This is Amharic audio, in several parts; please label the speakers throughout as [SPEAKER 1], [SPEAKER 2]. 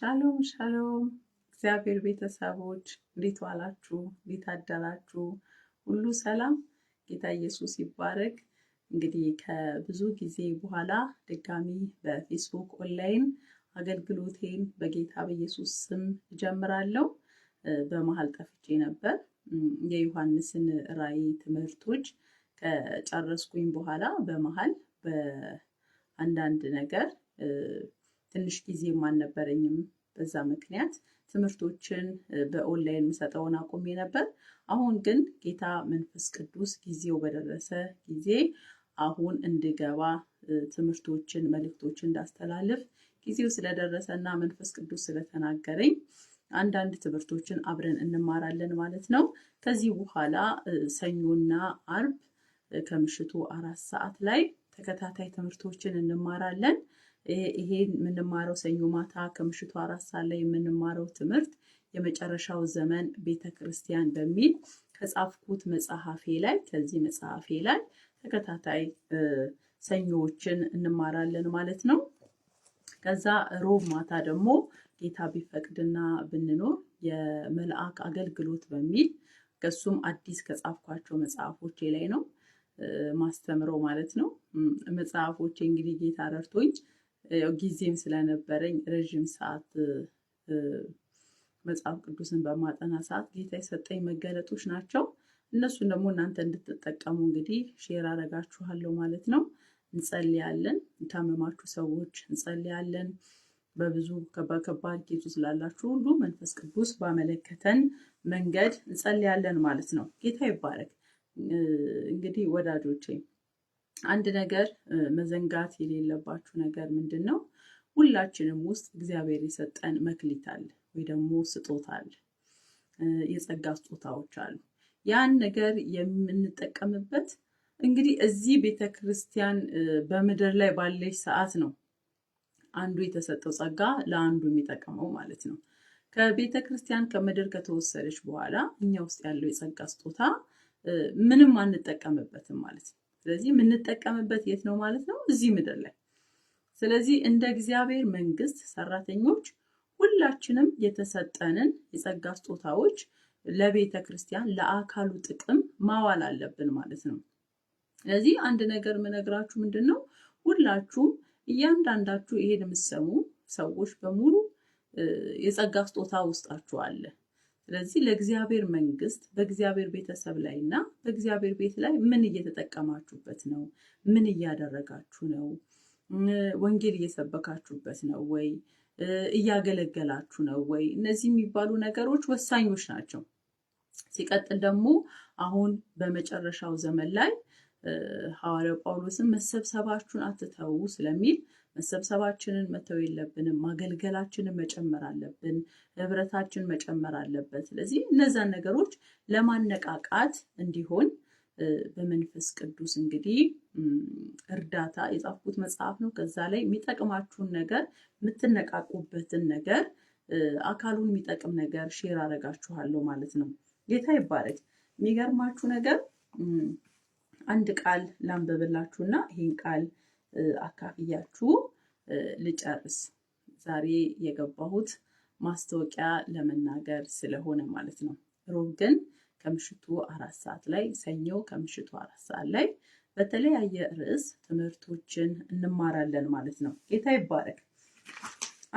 [SPEAKER 1] ሻሎም ሻሎም እግዚአብሔር ቤተሰቦች እንዴት ዋላችሁ? እንዴት አደራችሁ? ሁሉ ሰላም? ጌታ ኢየሱስ ይባረክ። እንግዲህ ከብዙ ጊዜ በኋላ ድጋሚ በፌስቡክ ኦንላይን አገልግሎቴን በጌታ በኢየሱስ ስም እጀምራለሁ። በመሀል ጠፍቼ ነበር። የዮሐንስን ራእይ ትምህርቶች ከጨረስኩኝ በኋላ በመሀል በአንዳንድ ነገር ትንሽ ጊዜም አልነበረኝም። በዛ ምክንያት ትምህርቶችን በኦንላይን የምሰጠውን አቁሜ ነበር። አሁን ግን ጌታ መንፈስ ቅዱስ ጊዜው በደረሰ ጊዜ አሁን እንድገባ ትምህርቶችን፣ መልእክቶችን እንዳስተላልፍ ጊዜው ስለደረሰ እና መንፈስ ቅዱስ ስለተናገረኝ አንዳንድ ትምህርቶችን አብረን እንማራለን ማለት ነው። ከዚህ በኋላ ሰኞና አርብ ከምሽቱ አራት ሰዓት ላይ ተከታታይ ትምህርቶችን እንማራለን። ይሄ የምንማረው ሰኞ ማታ ከምሽቱ አራት ሰዓት ላይ የምንማረው ትምህርት የመጨረሻው ዘመን ቤተ ክርስቲያን በሚል ከጻፍኩት መጽሐፌ ላይ ከዚህ መጽሐፌ ላይ ተከታታይ ሰኞዎችን እንማራለን ማለት ነው። ከዛ ሮብ ማታ ደግሞ ጌታ ቢፈቅድና ብንኖር የመልአክ አገልግሎት በሚል ከሱም አዲስ ከጻፍኳቸው መጽሐፎቼ ላይ ነው ማስተምረው ማለት ነው። መጽሐፎቼ እንግዲህ ጌታ ረድቶኝ ያው ጊዜም ስለነበረኝ ረዥም ሰዓት መጽሐፍ ቅዱስን በማጠና ሰዓት ጌታ የሰጠኝ መገለጦች ናቸው። እነሱን ደግሞ እናንተ እንድትጠቀሙ እንግዲህ ሼር አረጋችኋለሁ ማለት ነው። እንጸልያለን። የታመማችሁ ሰዎች እንጸልያለን። በብዙ ከባድ ጌቱ ስላላችሁ ሁሉ መንፈስ ቅዱስ ባመለከተን መንገድ እንጸልያለን ማለት ነው። ጌታ ይባረክ። እንግዲህ ወዳጆቼ አንድ ነገር መዘንጋት የሌለባችሁ ነገር ምንድን ነው? ሁላችንም ውስጥ እግዚአብሔር የሰጠን መክሊት አለ ወይ ደግሞ ስጦታ አለ፣ የጸጋ ስጦታዎች አሉ። ያን ነገር የምንጠቀምበት እንግዲህ እዚህ ቤተ ክርስቲያን በምድር ላይ ባለች ሰዓት ነው አንዱ የተሰጠው ጸጋ ለአንዱ የሚጠቀመው ማለት ነው። ከቤተ ክርስቲያን ከምድር ከተወሰደች በኋላ እኛ ውስጥ ያለው የጸጋ ስጦታ ምንም አንጠቀምበትም ማለት ነው። ስለዚህ የምንጠቀምበት የት ነው ማለት ነው? እዚህ ምድር ላይ። ስለዚህ እንደ እግዚአብሔር መንግስት ሰራተኞች ሁላችንም የተሰጠንን የጸጋ ስጦታዎች ለቤተ ክርስቲያን ለአካሉ ጥቅም ማዋል አለብን ማለት ነው። ስለዚህ አንድ ነገር የምነግራችሁ ምንድን ነው፣ ሁላችሁም እያንዳንዳችሁ ይሄን የምትሰሙ ሰዎች በሙሉ የጸጋ ስጦታ ውስጣችሁ አለ። ስለዚህ ለእግዚአብሔር መንግስት በእግዚአብሔር ቤተሰብ ላይ እና በእግዚአብሔር ቤት ላይ ምን እየተጠቀማችሁበት ነው? ምን እያደረጋችሁ ነው? ወንጌል እየሰበካችሁበት ነው ወይ? እያገለገላችሁ ነው ወይ? እነዚህ የሚባሉ ነገሮች ወሳኞች ናቸው። ሲቀጥል ደግሞ አሁን በመጨረሻው ዘመን ላይ ሐዋርያው ጳውሎስን መሰብሰባችሁን አትተው ስለሚል መሰብሰባችንን መተው የለብንም። ማገልገላችንን መጨመር አለብን። ህብረታችን መጨመር አለበት። ስለዚህ እነዛን ነገሮች ለማነቃቃት እንዲሆን በመንፈስ ቅዱስ እንግዲህ እርዳታ የጻፍኩት መጽሐፍ ነው። ከዛ ላይ የሚጠቅማችሁን ነገር የምትነቃቁበትን ነገር አካሉን የሚጠቅም ነገር ሼር አደርጋችኋለሁ ማለት ነው። ጌታ ይባረክ። የሚገርማችሁ ነገር አንድ ቃል ላንበብላችሁና ይህን ቃል አካፍያችሁ ልጨርስ። ዛሬ የገባሁት ማስታወቂያ ለመናገር ስለሆነ ማለት ነው። ሮብ ግን ከምሽቱ አራት ሰዓት ላይ ሰኞ ከምሽቱ አራት ሰዓት ላይ በተለያየ ርዕስ ትምህርቶችን እንማራለን ማለት ነው። ጌታ ይባረክ።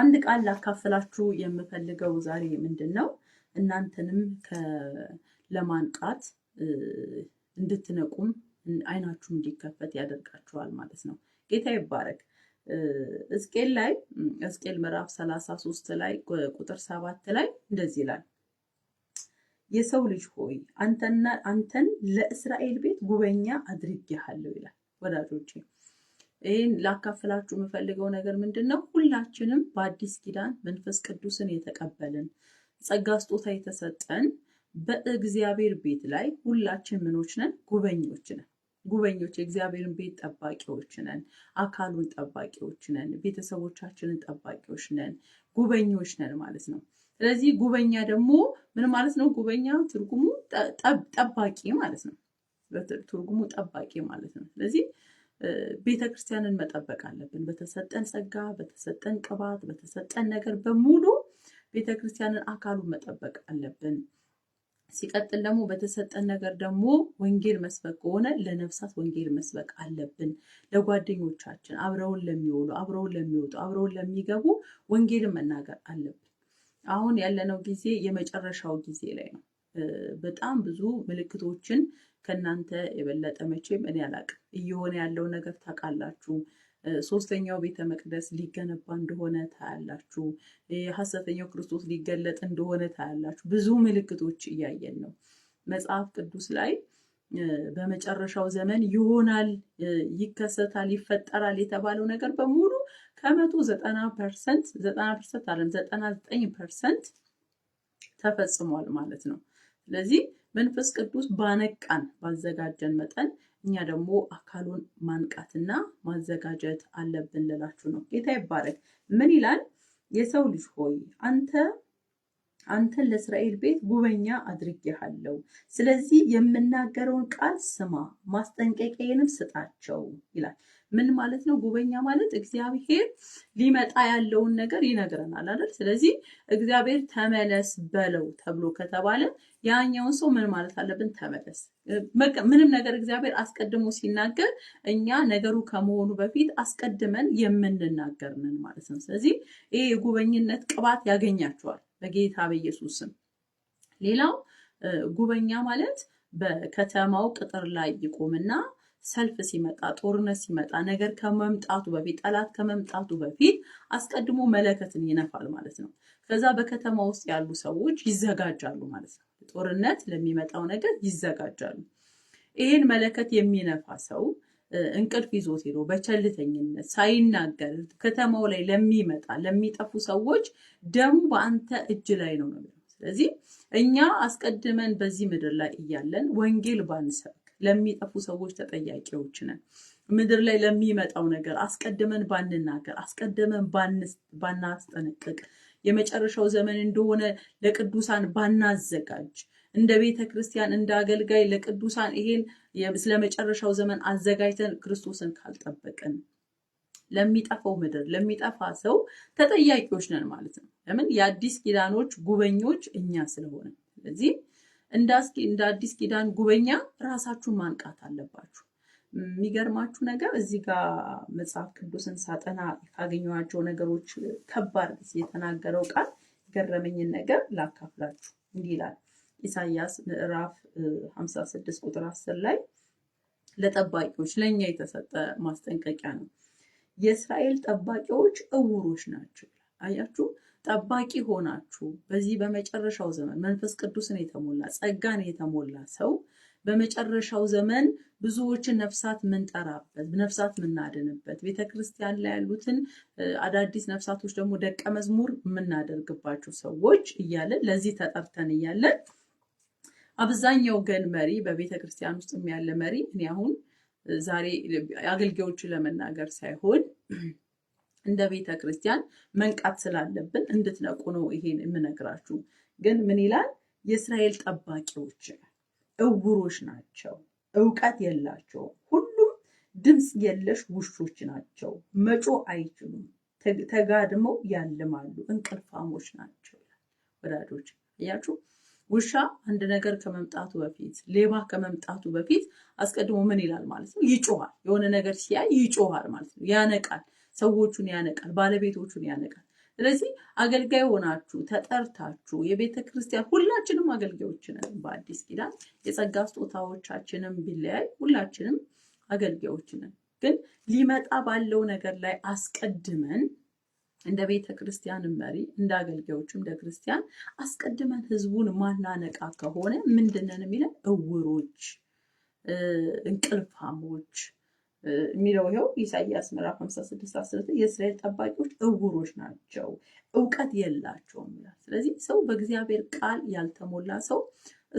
[SPEAKER 1] አንድ ቃል ላካፍላችሁ የምፈልገው ዛሬ ምንድን ነው እናንተንም ለማንቃት እንድትነቁም አይናችሁ እንዲከፈት ያደርጋችኋል ማለት ነው። ጌታ ይባረክ። ሕዝቅኤል ላይ ሕዝቅኤል ምዕራፍ 33 ላይ ቁጥር 7 ላይ እንደዚህ ይላል፣ የሰው ልጅ ሆይ አንተና አንተን ለእስራኤል ቤት ጉበኛ አድርጌሃለሁ ይላል። ወዳጆች ይህን ላካፍላችሁ የምፈልገው ነገር ምንድን ነው? ሁላችንም በአዲስ ኪዳን መንፈስ ቅዱስን የተቀበልን ጸጋ ስጦታ የተሰጠን በእግዚአብሔር ቤት ላይ ሁላችን ምኖች ነን፣ ጉበኞች ነን። ጉበኞች የእግዚአብሔርን ቤት ጠባቂዎች ነን። አካሉን ጠባቂዎች ነን። ቤተሰቦቻችንን ጠባቂዎች ነን። ጉበኞች ነን ማለት ነው። ስለዚህ ጉበኛ ደግሞ ምን ማለት ነው? ጉበኛ ትርጉሙ ጠባቂ ማለት ነው። ትርጉሙ ጠባቂ ማለት ነው። ስለዚህ ቤተ ክርስቲያንን መጠበቅ አለብን። በተሰጠን ጸጋ፣ በተሰጠን ቅባት፣ በተሰጠን ነገር በሙሉ ቤተ ክርስቲያንን አካሉን መጠበቅ አለብን። ሲቀጥል ደግሞ በተሰጠን ነገር ደግሞ ወንጌል መስበክ ከሆነ ለነፍሳት ወንጌል መስበክ አለብን። ለጓደኞቻችን፣ አብረውን ለሚውሉ፣ አብረውን ለሚወጡ፣ አብረውን ለሚገቡ ወንጌል መናገር አለብን። አሁን ያለነው ጊዜ የመጨረሻው ጊዜ ላይ ነው። በጣም ብዙ ምልክቶችን ከእናንተ የበለጠ መቼም እኔ አላቅም። እየሆነ ያለው ነገር ታውቃላችሁ። ሶስተኛው ቤተ መቅደስ ሊገነባ እንደሆነ ታያላችሁ። ሐሰተኛው ክርስቶስ ሊገለጥ እንደሆነ ታያላችሁ። ብዙ ምልክቶች እያየን ነው መጽሐፍ ቅዱስ ላይ በመጨረሻው ዘመን ይሆናል፣ ይከሰታል፣ ይፈጠራል የተባለው ነገር በሙሉ ከመቶ ዘጠና ፐርሰንት ዘጠና ፐርሰንት አለም ዘጠና ዘጠኝ ፐርሰንት ተፈጽሟል ማለት ነው። ስለዚህ መንፈስ ቅዱስ ባነቃን ባዘጋጀን መጠን እኛ ደግሞ አካሉን ማንቃትና ማዘጋጀት አለብን ልላችሁ ነው። ጌታ ይባረክ። ምን ይላል? የሰው ልጅ ሆይ አንተ አንተን ለእስራኤል ቤት ጉበኛ አድርጌሃለሁ። ስለዚህ የምናገረውን ቃል ስማ፣ ማስጠንቀቂያዬንም ስጣቸው ይላል። ምን ማለት ነው? ጉበኛ ማለት እግዚአብሔር ሊመጣ ያለውን ነገር ይነግረናል አይደል? ስለዚህ እግዚአብሔር ተመለስ በለው ተብሎ ከተባለ ያኛውን ሰው ምን ማለት አለብን? ተመለስ። ምንም ነገር እግዚአብሔር አስቀድሞ ሲናገር እኛ ነገሩ ከመሆኑ በፊት አስቀድመን የምንናገር ምን ማለት ነው። ስለዚህ ይሄ የጉበኝነት ቅባት ያገኛቸዋል በጌታ በኢየሱስ ስም። ሌላው ጉበኛ ማለት በከተማው ቅጥር ላይ ይቆምና ሰልፍ ሲመጣ ጦርነት ሲመጣ ነገር ከመምጣቱ በፊት ጠላት ከመምጣቱ በፊት አስቀድሞ መለከትን ይነፋል ማለት ነው። ከዛ በከተማ ውስጥ ያሉ ሰዎች ይዘጋጃሉ ማለት ነው። ጦርነት ለሚመጣው ነገር ይዘጋጃሉ። ይህን መለከት የሚነፋ ሰው እንቅልፍ ይዞት ሄዶ በቸልተኝነት ሳይናገር ከተማው ላይ ለሚመጣ ለሚጠፉ ሰዎች ደሙ በአንተ እጅ ላይ ነው ነው። ስለዚህ እኛ አስቀድመን በዚህ ምድር ላይ እያለን ወንጌል ባንሰብክ ለሚጠፉ ሰዎች ተጠያቂዎች ነን። ምድር ላይ ለሚመጣው ነገር አስቀድመን ባንናገር፣ አስቀድመን ባናስጠነቅቅ የመጨረሻው ዘመን እንደሆነ ለቅዱሳን ባናዘጋጅ እንደ ቤተ ክርስቲያን እንደ አገልጋይ ለቅዱሳን ይሄን ስለ መጨረሻው ዘመን አዘጋጅተን ክርስቶስን ካልጠበቅን ለሚጠፋው ምድር ለሚጠፋ ሰው ተጠያቂዎች ነን ማለት ነው። ለምን የአዲስ ኪዳኖች ጉበኞች እኛ ስለሆነ። ስለዚህ እንደ አዲስ ኪዳን ጉበኛ ራሳችሁን ማንቃት አለባችሁ። የሚገርማችሁ ነገር እዚህ ጋር መጽሐፍ ቅዱስን ሳጠና ካገኘኋቸው ነገሮች ከባድ ጊዜ የተናገረው ቃል ገረመኝን ነገር ላካፍላችሁ። እንዲህ ይላል ኢሳያስ ምዕራፍ 56 ቁጥር 10 ላይ ለጠባቂዎች ለእኛ የተሰጠ ማስጠንቀቂያ ነው። የእስራኤል ጠባቂዎች እውሮች ናቸው። አያችሁ፣ ጠባቂ ሆናችሁ በዚህ በመጨረሻው ዘመን መንፈስ ቅዱስን የተሞላ ጸጋን የተሞላ ሰው በመጨረሻው ዘመን ብዙዎችን ነፍሳት ምንጠራበት ነፍሳት ምናድንበት ቤተ ክርስቲያን ላይ ያሉትን አዳዲስ ነፍሳቶች ደግሞ ደቀ መዝሙር የምናደርግባቸው ሰዎች እያለን ለዚህ ተጠርተን እያለን አብዛኛው ግን መሪ በቤተ ክርስቲያን ውስጥ ያለ መሪ እኔ አሁን ዛሬ አገልጋዮቹ ለመናገር ሳይሆን እንደ ቤተ ክርስቲያን መንቃት ስላለብን እንድትነቁ ነው ይሄን የምነግራችሁ። ግን ምን ይላል የእስራኤል ጠባቂዎች እውሮች ናቸው፣ እውቀት የላቸውም። ሁሉም ድምፅ የለሽ ውሾች ናቸው። መጮ አይችሉም፣ ተጋድመው ያልማሉ፣ እንቅልፋሞች ናቸው። ወዳጆች እያችሁ ውሻ አንድ ነገር ከመምጣቱ በፊት ሌባ ከመምጣቱ በፊት አስቀድሞ ምን ይላል ማለት ነው? ይጮሃል። የሆነ ነገር ሲያይ ይጮሃል ማለት ነው። ያነቃል፣ ሰዎቹን ያነቃል፣ ባለቤቶቹን ያነቃል። ስለዚህ አገልጋይ ሆናችሁ ተጠርታችሁ የቤተ ክርስቲያን ሁላችንም አገልጋዮች ነን። በአዲስ ኪዳን የጸጋ ስጦታዎቻችንም ቢለያይ ሁላችንም አገልጋዮች ነን። ግን ሊመጣ ባለው ነገር ላይ አስቀድመን እንደ ቤተ ክርስቲያን መሪ እንደ አገልጋዮችም እንደ ክርስቲያን አስቀድመን ህዝቡን ማናነቃ ከሆነ ምንድነን የሚለን? እውሮች፣ እንቅልፋሞች የሚለው ይኸው ኢሳያስ ምዕራፍ 56 19 የእስራኤል ጠባቂዎች እውሮች ናቸው፣ እውቀት የላቸውም ይላል። ስለዚህ ሰው በእግዚአብሔር ቃል ያልተሞላ ሰው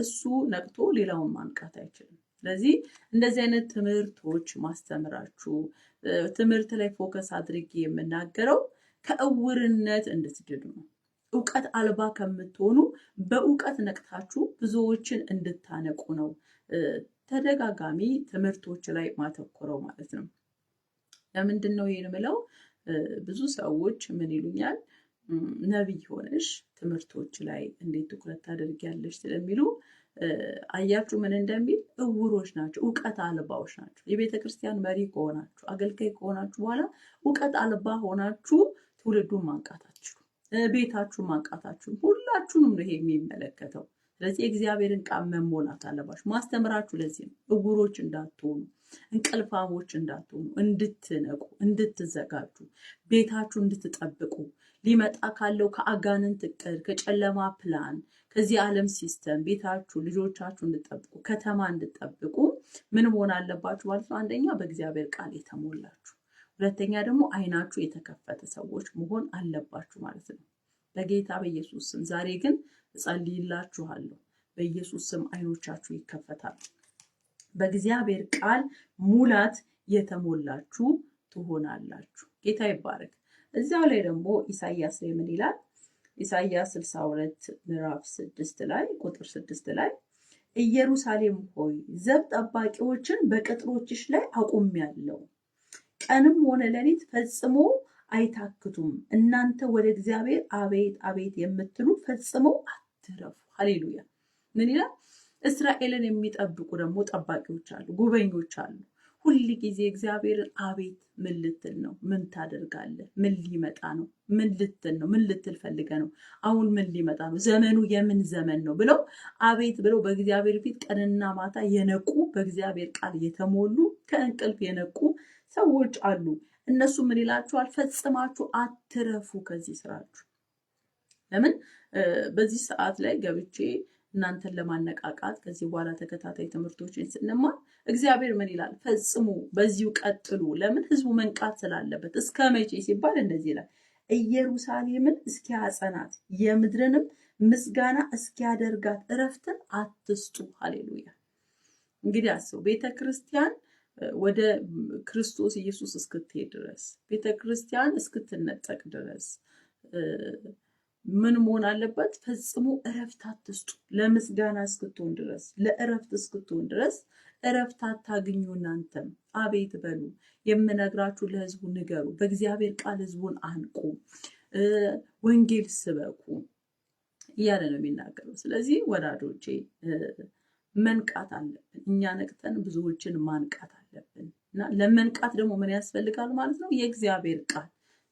[SPEAKER 1] እሱ ነቅቶ ሌላውን ማንቃት አይችልም። ስለዚህ እንደዚህ አይነት ትምህርቶች ማስተምራችሁ ትምህርት ላይ ፎከስ አድርጌ የምናገረው ከእውርነት እንድትድኑ ነው። እውቀት አልባ ከምትሆኑ በእውቀት ነቅታችሁ ብዙዎችን እንድታነቁ ነው ተደጋጋሚ ትምህርቶች ላይ ማተኮረው ማለት ነው። ለምንድን ነው ይህን ምለው? ብዙ ሰዎች ምን ይሉኛል ነቢይ ሆነሽ ትምህርቶች ላይ እንዴት ትኩረት ታደርጊያለሽ ስለሚሉ አያችሁ ምን እንደሚል እውሮች ናቸው፣ እውቀት አልባዎች ናቸው። የቤተ ክርስቲያን መሪ ከሆናችሁ አገልጋይ ከሆናችሁ በኋላ እውቀት አልባ ሆናችሁ ትውልዱን ማንቃት ቤታችሁን ማንቃት ሁላችሁንም ነው ይሄ የሚመለከተው። ስለዚህ የእግዚአብሔርን ቃል መሞላት አለባችሁ። ማስተምራችሁ ለዚህ ነው፣ እውሮች እንዳትሆኑ፣ እንቅልፋሞች እንዳትሆኑ፣ እንድትነቁ፣ እንድትዘጋጁ፣ ቤታችሁ እንድትጠብቁ ሊመጣ ካለው ከአጋንንት እቅድ፣ ከጨለማ ፕላን፣ ከዚህ ዓለም ሲስተም ቤታችሁ፣ ልጆቻችሁ እንድጠብቁ፣ ከተማ እንድጠብቁ ምን መሆን አለባችሁ ማለት ነው? አንደኛ በእግዚአብሔር ቃል የተሞላችሁ፣ ሁለተኛ ደግሞ አይናችሁ የተከፈተ ሰዎች መሆን አለባችሁ ማለት ነው። በጌታ በኢየሱስ ስም ዛሬ ግን እጸልይላችኋለሁ። በኢየሱስ ስም አይኖቻችሁ ይከፈታል። በእግዚአብሔር ቃል ሙላት የተሞላችሁ ትሆናላችሁ። ጌታ ይባረክ። እዚያው ላይ ደግሞ ኢሳይያስ ላይ ምን ይላል? ኢሳይያስ 62 ምዕራፍ 6 ላይ ቁጥር 6 ላይ ኢየሩሳሌም ሆይ ዘብ ጠባቂዎችን በቅጥሮችሽ ላይ አቁሜያለሁ፣ ቀንም ሆነ ሌሊት ፈጽሞ አይታክቱም። እናንተ ወደ እግዚአብሔር አቤት አቤት የምትሉ ፈጽሞ አትረፉ። ሀሌሉያ። ምን ይላል? እስራኤልን የሚጠብቁ ደግሞ ጠባቂዎች አሉ፣ ጉበኞች አሉ። ሁል ጊዜ እግዚአብሔርን አቤት ምን ልትል ነው? ምን ታደርጋለህ? ምን ሊመጣ ነው? ምን ልትል ነው? ምን ልትል ፈልገ ነው? አሁን ምን ሊመጣ ነው? ዘመኑ የምን ዘመን ነው ብለው አቤት ብለው በእግዚአብሔር ፊት ቀንና ማታ የነቁ በእግዚአብሔር ቃል የተሞሉ ከእንቅልፍ የነቁ ሰዎች አሉ። እነሱ ምን ይላችኋል? ፈጽማችሁ አትረፉ ከዚህ ስራችሁ። ለምን በዚህ ሰዓት ላይ ገብቼ እናንተን ለማነቃቃት ከዚህ በኋላ ተከታታይ ትምህርቶችን ስንማር እግዚአብሔር ምን ይላል? ፈጽሙ፣ በዚሁ ቀጥሉ። ለምን ህዝቡ መንቃት ስላለበት። እስከ መቼ ሲባል እንደዚህ ይላል፣ ኢየሩሳሌምን እስኪያጸናት የምድርንም ምስጋና እስኪያደርጋት እረፍትን አትስጡ። ሀሌሉያ። እንግዲህ አስቡ ቤተ ክርስቲያን ወደ ክርስቶስ ኢየሱስ እስክትሄድ ድረስ ቤተ ክርስቲያን እስክትነጠቅ ድረስ ምን መሆን አለበት? ፈጽሞ እረፍት አትስጡ። ለምስጋና እስክትሆን ድረስ፣ ለእረፍት እስክትሆን ድረስ እረፍት አታግኙ። እናንተም አቤት በሉ። የምነግራችሁ ለህዝቡ ንገሩ። በእግዚአብሔር ቃል ህዝቡን አንቁ፣ ወንጌል ስበኩ እያለ ነው የሚናገረው። ስለዚህ ወዳጆቼ መንቃት አለብን። እኛ ነቅተን ብዙዎችን ማንቃት አለብን። አለብን እና ለመንቃት ደግሞ ምን ያስፈልጋል ማለት ነው? የእግዚአብሔር ቃል።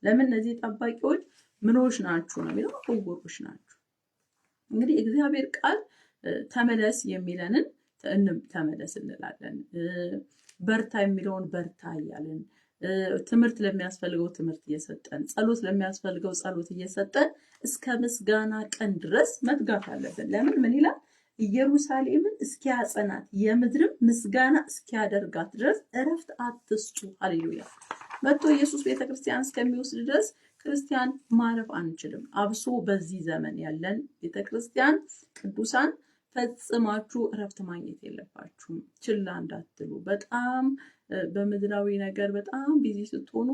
[SPEAKER 1] ለምን እነዚህ ጠባቂዎች ምኖች ናችሁ ነው የሚለው፣ ዕውሮች ናችሁ። እንግዲህ እግዚአብሔር ቃል ተመለስ የሚለንን ተመለስ እንላለን። በርታ የሚለውን በርታ እያለን ትምህርት ለሚያስፈልገው ትምህርት እየሰጠን ጸሎት ለሚያስፈልገው ጸሎት እየሰጠን እስከ ምስጋና ቀን ድረስ መትጋት አለብን። ለምን ምን ይላል ኢየሩሳሌምን እስኪያጸናት የምድርም ምስጋና እስኪያደርጋት ድረስ እረፍት አትስጡ። ሀሌሉያ መጥቶ ኢየሱስ ቤተክርስቲያን እስከሚወስድ ድረስ ክርስቲያን ማረፍ አንችልም። አብሶ በዚህ ዘመን ያለን ቤተክርስቲያን ቅዱሳን ፈጽማችሁ እረፍት ማግኘት የለባችሁም። ችላ እንዳትሉ። በጣም በምድራዊ ነገር በጣም ቢዚ ስትሆኑ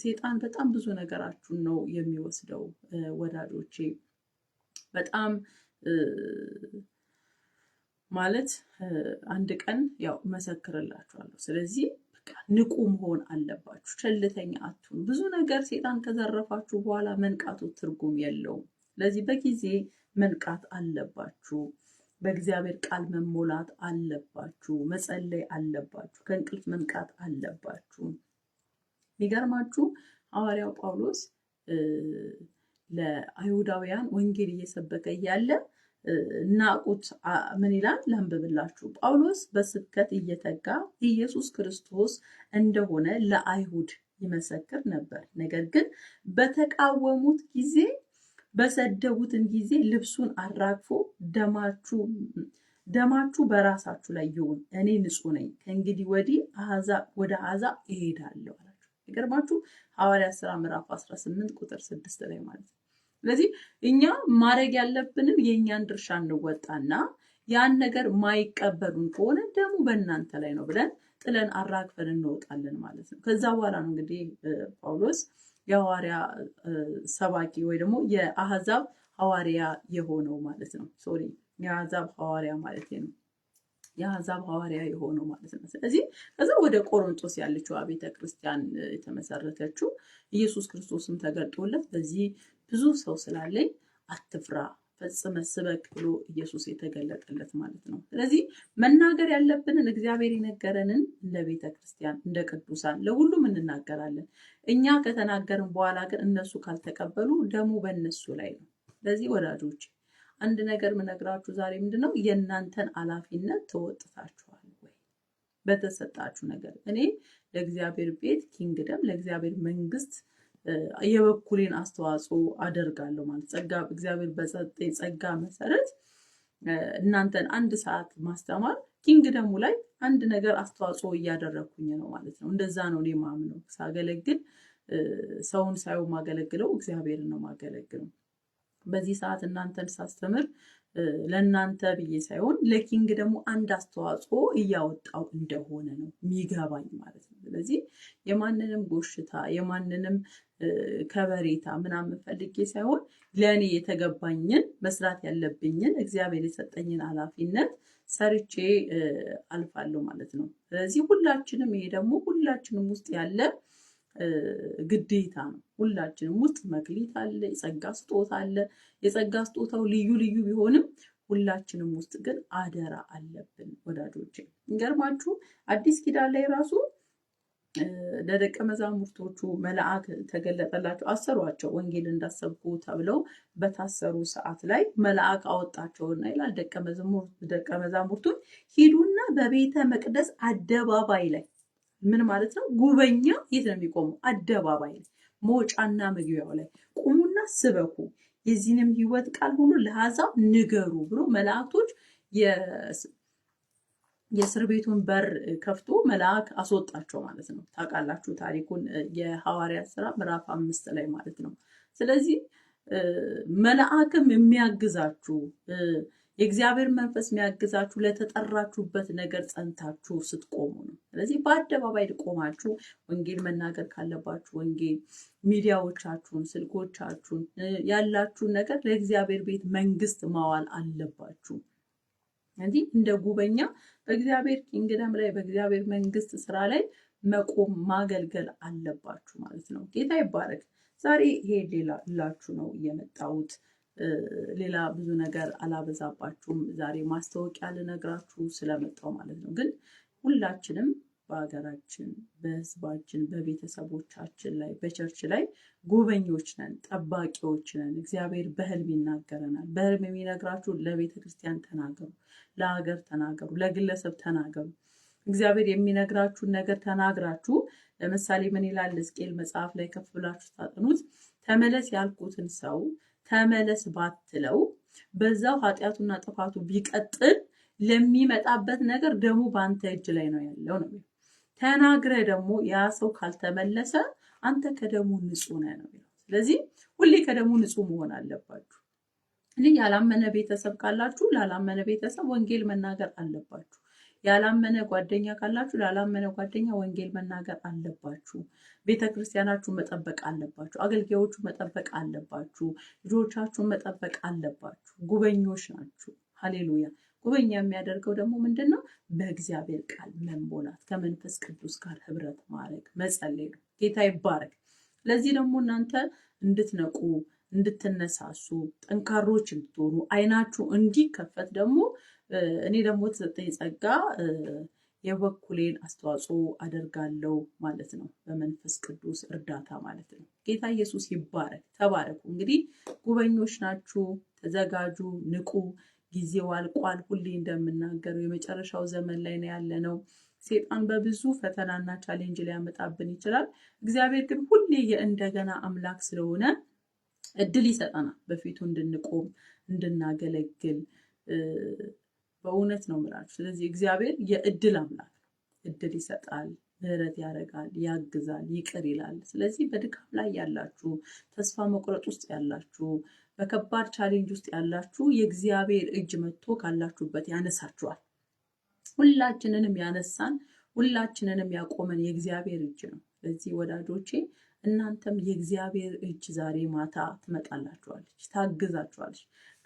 [SPEAKER 1] ሴጣን በጣም ብዙ ነገራችሁን ነው የሚወስደው ወዳጆቼ በጣም ማለት አንድ ቀን ያው መሰክርላችኋለሁ። ስለዚህ ንቁ መሆን አለባችሁ። ቸልተኛ አትሁኑ። ብዙ ነገር ሴጣን ከዘረፋችሁ በኋላ መንቃቱ ትርጉም የለውም። ስለዚህ በጊዜ መንቃት አለባችሁ። በእግዚአብሔር ቃል መሞላት አለባችሁ። መጸለይ አለባችሁ። ከእንቅልፍ መንቃት አለባችሁ። የሚገርማችሁ ሐዋርያው ጳውሎስ ለአይሁዳውያን ወንጌል እየሰበከ እያለ ናቁት ምን ይላል ላንብብላችሁ። ጳውሎስ በስብከት እየተጋ ኢየሱስ ክርስቶስ እንደሆነ ለአይሁድ ይመሰክር ነበር። ነገር ግን በተቃወሙት ጊዜ በሰደቡትን ጊዜ ልብሱን አራግፎ ደማችሁ ደማችሁ በራሳችሁ ላይ ይሁን፣ እኔ ንጹሕ ነኝ፣ ከእንግዲህ ወዲህ ወደ አሕዛብ እሄዳለሁ አላቸው። ይገርማችሁ ሐዋርያ ሥራ ምዕራፍ 18 ቁጥር 6 ላይ ማለት ነው። ስለዚህ እኛ ማድረግ ያለብንን የእኛን ድርሻ እንወጣና ያን ነገር ማይቀበሉን ከሆነ ደግሞ በእናንተ ላይ ነው ብለን ጥለን አራግፈን እንወጣለን ማለት ነው። ከዛ በኋላ ነው እንግዲህ ጳውሎስ የሐዋርያ ሰባኪ ወይ ደግሞ የአህዛብ ሐዋርያ የሆነው ማለት ነው። ሶሪ የአህዛብ ሐዋርያ ማለት ነው። የአህዛብ ሐዋርያ የሆነው ማለት ነው። ስለዚህ ከዛ ወደ ቆሮንቶስ ያለችው ቤተ ክርስቲያን የተመሰረተችው ኢየሱስ ክርስቶስም ተገልጦለት በዚህ ብዙ ሰው ስላለኝ አትፍራ ፈጽመ ስበክ ብሎ ኢየሱስ የተገለጠለት ማለት ነው። ስለዚህ መናገር ያለብንን እግዚአብሔር የነገረንን እንደ ቤተ ክርስቲያን እንደ ቅዱሳን ለሁሉም እንናገራለን። እኛ ከተናገርን በኋላ ግን እነሱ ካልተቀበሉ ደሙ በእነሱ ላይ ነው። ስለዚህ ወዳጆች አንድ ነገር ምነግራችሁ ዛሬ ምንድን ነው የእናንተን ኃላፊነት ተወጥታችኋል ወይ በተሰጣችሁ ነገር እኔ ለእግዚአብሔር ቤት ኪንግደም ለእግዚአብሔር መንግስት የበኩሌን አስተዋጽኦ አደርጋለሁ ማለት ጸጋ እግዚአብሔር በሰጠኝ ጸጋ መሰረት እናንተን አንድ ሰዓት ማስተማር ኪንግ ደግሞ ላይ አንድ ነገር አስተዋጽኦ እያደረግኩኝ ነው ማለት ነው። እንደዛ ነው እኔ ማምነው። ሳገለግል ሰውን ሳይሆን ማገለግለው እግዚአብሔርን ነው ማገለግለው። በዚህ ሰዓት እናንተን ሳስተምር ለእናንተ ብዬ ሳይሆን ለኪንግ ደግሞ አንድ አስተዋጽኦ እያወጣው እንደሆነ ነው የሚገባኝ ማለት ነው። ስለዚህ የማንንም ጎሽታ የማንንም ከበሬታ ምናምን ፈልጌ ሳይሆን ለእኔ የተገባኝን መስራት ያለብኝን እግዚአብሔር የሰጠኝን ኃላፊነት ሰርቼ አልፋለሁ ማለት ነው። ስለዚህ ሁላችንም ይሄ ደግሞ ሁላችንም ውስጥ ያለ ግዴታ ነው። ሁላችንም ውስጥ መክሊት አለ፣ የጸጋ ስጦታ አለ። የጸጋ ስጦታው ልዩ ልዩ ቢሆንም ሁላችንም ውስጥ ግን አደራ አለብን ወዳጆች። እንገርማችሁ አዲስ ኪዳን ላይ ራሱ ለደቀ መዛሙርቶቹ መልአክ ተገለጠላቸው፣ አሰሯቸው። ወንጌል እንዳሰብኩ ተብለው በታሰሩ ሰዓት ላይ መልአክ አወጣቸውና ይላል ደቀ መዛሙርቱን ሂዱና በቤተ መቅደስ አደባባይ ላይ ምን ማለት ነው? ጉበኛ የት ነው የሚቆመው? አደባባይ መውጫና መግቢያው ላይ ቁሙና ስበኩ፣ የዚህንም ህይወት ቃል ሁሉ ለአሕዛብ ንገሩ ብሎ መላእክቶች የእስር ቤቱን በር ከፍቶ መልአክ አስወጣቸው ማለት ነው። ታውቃላችሁ ታሪኩን የሐዋርያት ስራ ምዕራፍ አምስት ላይ ማለት ነው። ስለዚህ መልአክም የሚያግዛችሁ የእግዚአብሔር መንፈስ የሚያግዛችሁ ለተጠራችሁበት ነገር ጸንታችሁ ስትቆሙ ነው። ስለዚህ በአደባባይ ቆማችሁ ወንጌል መናገር ካለባችሁ ወንጌል፣ ሚዲያዎቻችሁን፣ ስልኮቻችሁን፣ ያላችሁን ነገር ለእግዚአብሔር ቤት መንግስት ማዋል አለባችሁ። እንዲህ እንደ ጉበኛ በእግዚአብሔር ኪንግደም ላይ በእግዚአብሔር መንግስት ስራ ላይ መቆም ማገልገል አለባችሁ ማለት ነው። ጌታ ይባረክ። ዛሬ ይሄ ሌላ ላችሁ ነው የመጣሁት ሌላ ብዙ ነገር አላበዛባችሁም። ዛሬ ማስታወቂያ ልነግራችሁ ስለመጣው ማለት ነው። ግን ሁላችንም በሀገራችን፣ በህዝባችን በቤተሰቦቻችን ላይ በቸርች ላይ ጎበኞች ነን፣ ጠባቂዎች ነን። እግዚአብሔር በህልም ይናገረናል። በህልም የሚነግራችሁ ለቤተ ክርስቲያን ተናገሩ፣ ለሀገር ተናገሩ፣ ለግለሰብ ተናገሩ። እግዚአብሔር የሚነግራችሁን ነገር ተናግራችሁ ለምሳሌ ምን ይላል ሕዝቅኤል መጽሐፍ ላይ ከፍ ብላችሁ ታጥኑት ተመለስ ያልኩትን ሰው ተመለስ ባትለው በዛው ኃጢአቱና ጥፋቱ ቢቀጥል ለሚመጣበት ነገር ደግሞ በአንተ እጅ ላይ ነው ያለው ነው ተናግረ ደግሞ ያ ሰው ካልተመለሰ አንተ ከደሙ ንጹህ ነህ ነው ስለዚህ ሁሌ ከደሙ ንጹህ መሆን አለባችሁ። ያላመነ ቤተሰብ ካላችሁ ላላመነ ቤተሰብ ወንጌል መናገር አለባችሁ። ያላመነ ጓደኛ ካላችሁ ላላመነ ጓደኛ ወንጌል መናገር አለባችሁ። ቤተ ክርስቲያናችሁ መጠበቅ አለባችሁ። አገልጋዮቹ መጠበቅ አለባችሁ። ልጆቻችሁን መጠበቅ አለባችሁ። ጉበኞች ናችሁ። ሀሌሉያ። ጉበኛ የሚያደርገው ደግሞ ምንድን ነው? በእግዚአብሔር ቃል መሞላት፣ ከመንፈስ ቅዱስ ጋር ህብረት ማድረግ፣ መጸለይ ነው። ጌታ ይባረክ። ለዚህ ደግሞ እናንተ እንድትነቁ እንድትነሳሱ ጠንካሮች እንድትሆኑ አይናችሁ እንዲከፈት ደግሞ እኔ ደግሞ የተሰጠኝ ጸጋ የበኩሌን አስተዋጽኦ አደርጋለሁ ማለት ነው። በመንፈስ ቅዱስ እርዳታ ማለት ነው። ጌታ ኢየሱስ ይባረክ። ተባረኩ። እንግዲህ ጉበኞች ናችሁ፣ ተዘጋጁ፣ ንቁ። ጊዜው አልቋል። ሁሌ እንደምናገረው የመጨረሻው ዘመን ላይ ነው ያለነው። ሴጣን በብዙ ፈተናና ቻሌንጅ ሊያመጣብን ይችላል። እግዚአብሔር ግን ሁሌ የእንደገና አምላክ ስለሆነ እድል ይሰጠናል፣ በፊቱ እንድንቆም እንድናገለግል በእውነት ነው የምላችሁ። ስለዚህ እግዚአብሔር የእድል አምላክ እድል ይሰጣል፣ ምህረት ያደርጋል፣ ያግዛል፣ ይቅር ይላል። ስለዚህ በድካም ላይ ያላችሁ፣ ተስፋ መቁረጥ ውስጥ ያላችሁ፣ በከባድ ቻሌንጅ ውስጥ ያላችሁ የእግዚአብሔር እጅ መጥቶ ካላችሁበት ያነሳችኋል። ሁላችንንም ያነሳን ሁላችንንም ያቆመን የእግዚአብሔር እጅ ነው። ስለዚህ ወዳጆቼ እናንተም የእግዚአብሔር እጅ ዛሬ ማታ ትመጣላችኋለች፣ ታግዛችኋለች።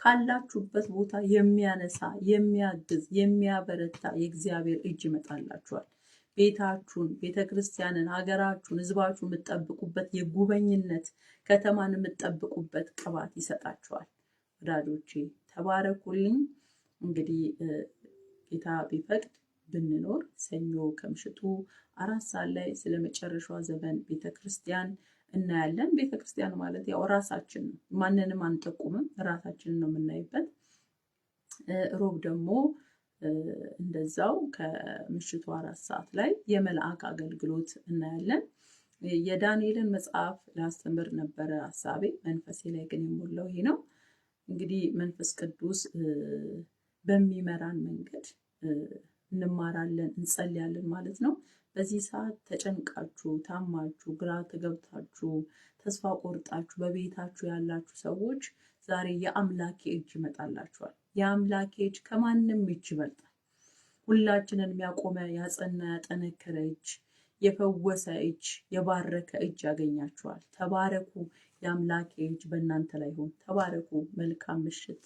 [SPEAKER 1] ካላችሁበት ቦታ የሚያነሳ የሚያግዝ የሚያበረታ የእግዚአብሔር እጅ ይመጣላችኋል። ቤታችሁን፣ ቤተ ክርስቲያንን፣ ሀገራችሁን፣ ህዝባችሁን የምትጠብቁበት የጉበኝነት ከተማን የምትጠብቁበት ቅባት ይሰጣችኋል። ወዳጆቼ ተባረኩልኝ። እንግዲህ ጌታ ቢፈቅድ ብንኖር ሰኞ ከምሽቱ አራት ሰዓት ላይ ስለ መጨረሻዋ ዘመን ቤተ ክርስቲያን እናያለን። ቤተክርስቲያን ማለት ያው ራሳችን ነው፣ ማንንም አንጠቁምም፣ ራሳችንን ነው የምናይበት። ሮብ ደግሞ እንደዛው ከምሽቱ አራት ሰዓት ላይ የመልአክ አገልግሎት እናያለን። የዳንኤልን መጽሐፍ ላስተምር ነበረ ሀሳቤ፣ መንፈሴ ላይ ግን የሞላው ይሄ ነው። እንግዲህ መንፈስ ቅዱስ በሚመራን መንገድ እንማራለን፣ እንጸልያለን ማለት ነው። በዚህ ሰዓት ተጨንቃችሁ፣ ታማችሁ፣ ግራ ተገብታችሁ፣ ተስፋ ቆርጣችሁ በቤታችሁ ያላችሁ ሰዎች ዛሬ የአምላኬ እጅ ይመጣላችኋል። የአምላኬ እጅ ከማንም እጅ ይበልጣል። ሁላችንን የሚያቆመ ያጸና፣ ያጠነከረ እጅ፣ የፈወሰ እጅ፣ የባረከ እጅ ያገኛችኋል። ተባረኩ። የአምላኬ እጅ በእናንተ ላይ ይሁን። ተባረኩ። መልካም ምሽት።